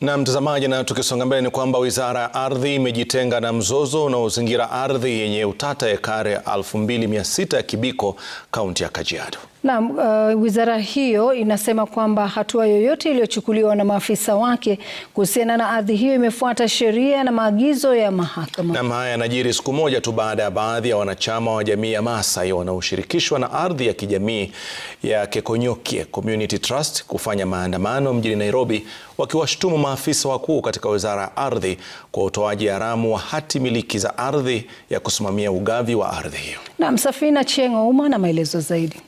Na mtazamaji, na tukisonga mbele ni kwamba wizara ya ardhi imejitenga na mzozo unaozingira ardhi yenye utata ekari 2600 ya Kibiko kaunti ya Kajiado. Na uh, wizara hiyo inasema kwamba hatua yoyote iliyochukuliwa na maafisa wake kuhusiana na ardhi hiyo imefuata sheria na maagizo ya mahakama. Na haya yanajiri siku moja tu baada ya baadhi ya wanachama wa jamii ya Maasai wanaoshirikishwa na ardhi ya kijamii ya Keekonyokie Community Trust kufanya maandamano mjini Nairobi wakiwashutumu maafisa wakuu katika wizara ya ardhi kwa utoaji haramu wa hati miliki za ardhi ya kusimamia ugavi wa ardhi hiyo. Na Msafina Cheng Ouma na maelezo zaidi.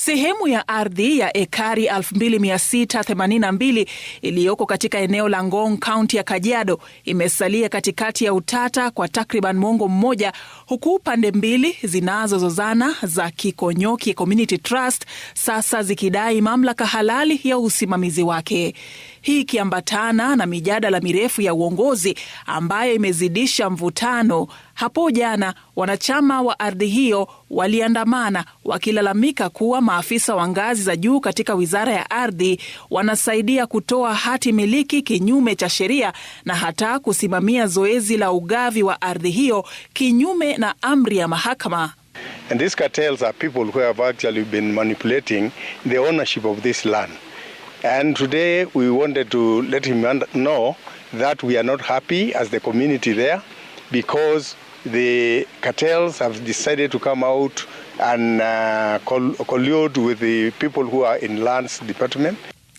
Sehemu ya ardhi ya ekari 2682 iliyoko katika eneo la Ngong, kaunti ya Kajiado, imesalia katikati ya utata kwa takriban mwongo mmoja, huku pande mbili zinazozozana za Kikonyoki Community Trust sasa zikidai mamlaka halali ya usimamizi wake hii ikiambatana na mijadala mirefu ya uongozi ambayo imezidisha mvutano. Hapo jana wanachama wa ardhi hiyo waliandamana wakilalamika kuwa maafisa wa ngazi za juu katika wizara ya ardhi wanasaidia kutoa hati miliki kinyume cha sheria na hata kusimamia zoezi la ugavi wa ardhi hiyo kinyume na amri ya mahakama. And these cartels are people who have actually been manipulating the ownership of this land. And today we wanted to let him know that we are not happy as the community there because the cartels have decided to come out and uh, collude with the people who are in lands department.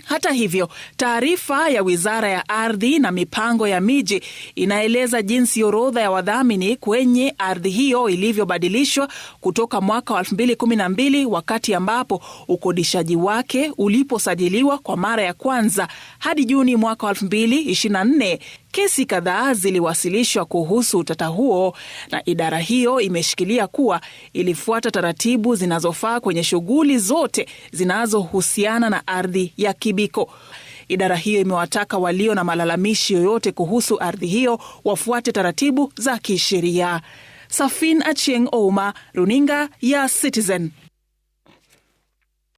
Hata hivyo, taarifa ya Wizara ya Ardhi na Mipango ya Miji inaeleza jinsi orodha ya wadhamini kwenye ardhi hiyo ilivyobadilishwa kutoka mwaka wa 2012 wakati ambapo ukodishaji wake uliposajiliwa kwa mara ya kwanza hadi Juni mwaka wa 2024. Kesi kadhaa ziliwasilishwa kuhusu utata huo na idara hiyo imeshikilia kuwa ilifuata taratibu zinazofaa kwenye shughuli zote zinazohusiana na ardhi ya Kibiko. Idara hiyo imewataka walio na malalamishi yoyote kuhusu ardhi hiyo wafuate taratibu za kisheria. Safin Achieng' Ouma, runinga ya Citizen.